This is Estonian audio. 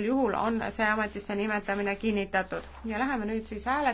juhul on see ametisse nimetamine kinnitatud ja läheme nüüd siis hääletama.